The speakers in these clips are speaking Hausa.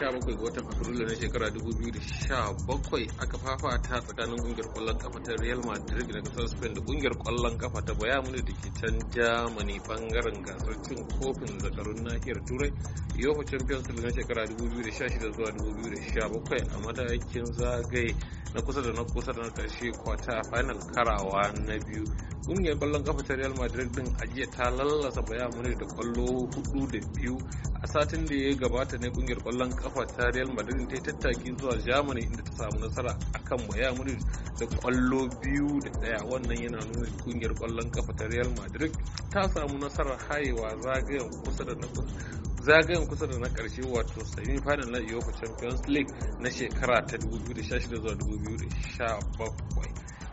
17 ga watan afrilu na shekara 2017 aka fafata tsakanin kungiyar kwallon kafa ta real madrid na kasar spain da kungiyar kwallon kafa ta baya muni da ke can germany bangaren gasar cin kofin zakarun nahiyar turai yofa champions league na shekara 2016 zuwa 2017 a matakin zagaye na kusa da na kusa da na karshe kwata final karawa na biyu kungiyar kwallon kafa ta real madrid din ajiya ta lallasa bayan munich da kwallo hudu da biyu a satin da ya gabata ne kungiyar kwallon kafa ta real madrid ta yi tattaki zuwa germany inda ta samu nasara akan bayan munich da kwallo biyu da daya wannan yana nuna kungiyar kwallon kafa ta real madrid ta samu nasarar hayewa zagayen kusa da na kusa zagayen kusa da na karshe wato semi final na UEFA Champions League na shekara ta 2016 2017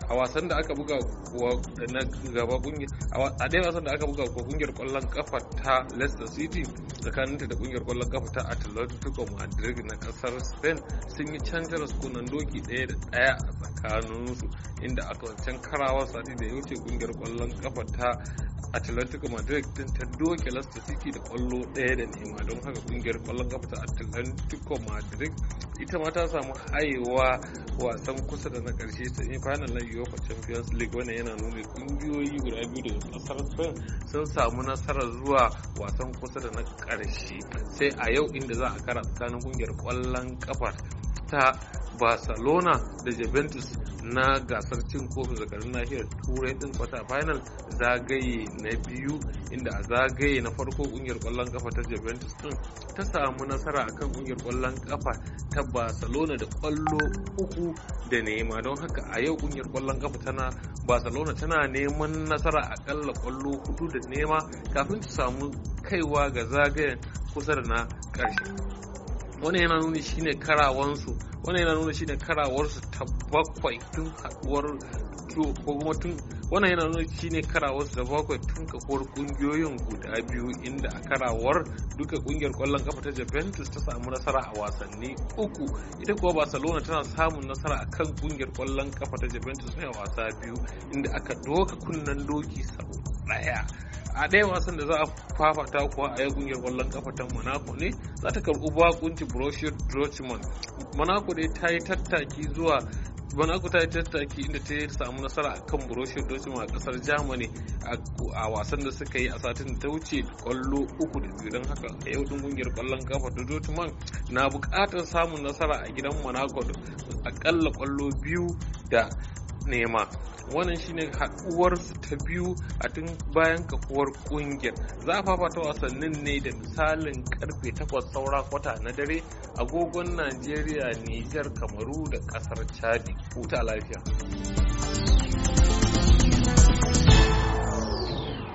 a wasan da aka buga kuwa na gaba kungiyar a dai wasan da aka buga kuwa kungiyar kwallon kafa ta Leicester City tsakaninta da kungiyar kwallon kafa ta Atletico Madrid na kasar Spain sun yi canjar kunan doki daya da daya a tsakaninsu inda aka wancan karawar sati da ya wuce kungiyar kwallon kafa ta atlantico madrid din ta doke leicester city da kwallo daya da nema don haka kungiyar kwallon kafa ta atlantico madrid ita ma ta samu hayewa wasan kusa da na karshe yi final na uefa champions league wannan yana nuna kungiyoyi guda biyu daga kasar spain sun samu nasarar zuwa wasan kusa da na karshe sai a yau inda za a kara tsakanin kungiyar kwallon kafa ta barcelona da juventus na gasar cin kofin zakarun nahiyar turai din kwata final zagaye na biyu inda a zagaye na farko kungiyar kwallon kafa ta juventus din ta samu nasara akan kungiyar kwallon kafa ta barcelona da kwallo uku da nema don haka a yau kungiyar kwallon kafa tana barcelona tana neman nasara akalla kwallo hudu da nema kafin ta samu kaiwa ga zagayen kusa da na karshe. wani yana nuni shine karawansu wani yana nuni shine karawarsu ta bakwai tun haduwar ko kuma tun wannan yana nuna ne karawar da bakwai tun kafuwar kungiyoyin guda biyu inda a karawar duka kungiyar kwallon kafa ta juventus ta samu nasara a wasanni uku ita kuwa barcelona tana samun nasara a kan kungiyar kwallon kafa ta juventus ne a wasa biyu inda aka doka kunnen doki sau daya a ɗaya wasan da za a fafata kuwa a kungiyar kwallon kafa ta monaco ne za ta karɓi bakunci borussia dortmund monaco dai ta yi tattaki zuwa banaku ta yi tattaki inda ta samu nasara a kan borussia dortmund a kasar germany a wasan da suka yi a satin da ta wuce kwallo uku da biyu don haka a yau din kungiyar kwallon kafa da dotman na bukatar samun nasara a gidan monaco akalla kwallo biyu da nema wannan shine su ta biyu a tun bayan kafuwar ƙungiyar za a fafata wasannin ne da misalin karfe takwas saura kwata na dare agogon najeriya nijar kamaru da ƙasar chadi huta lafiya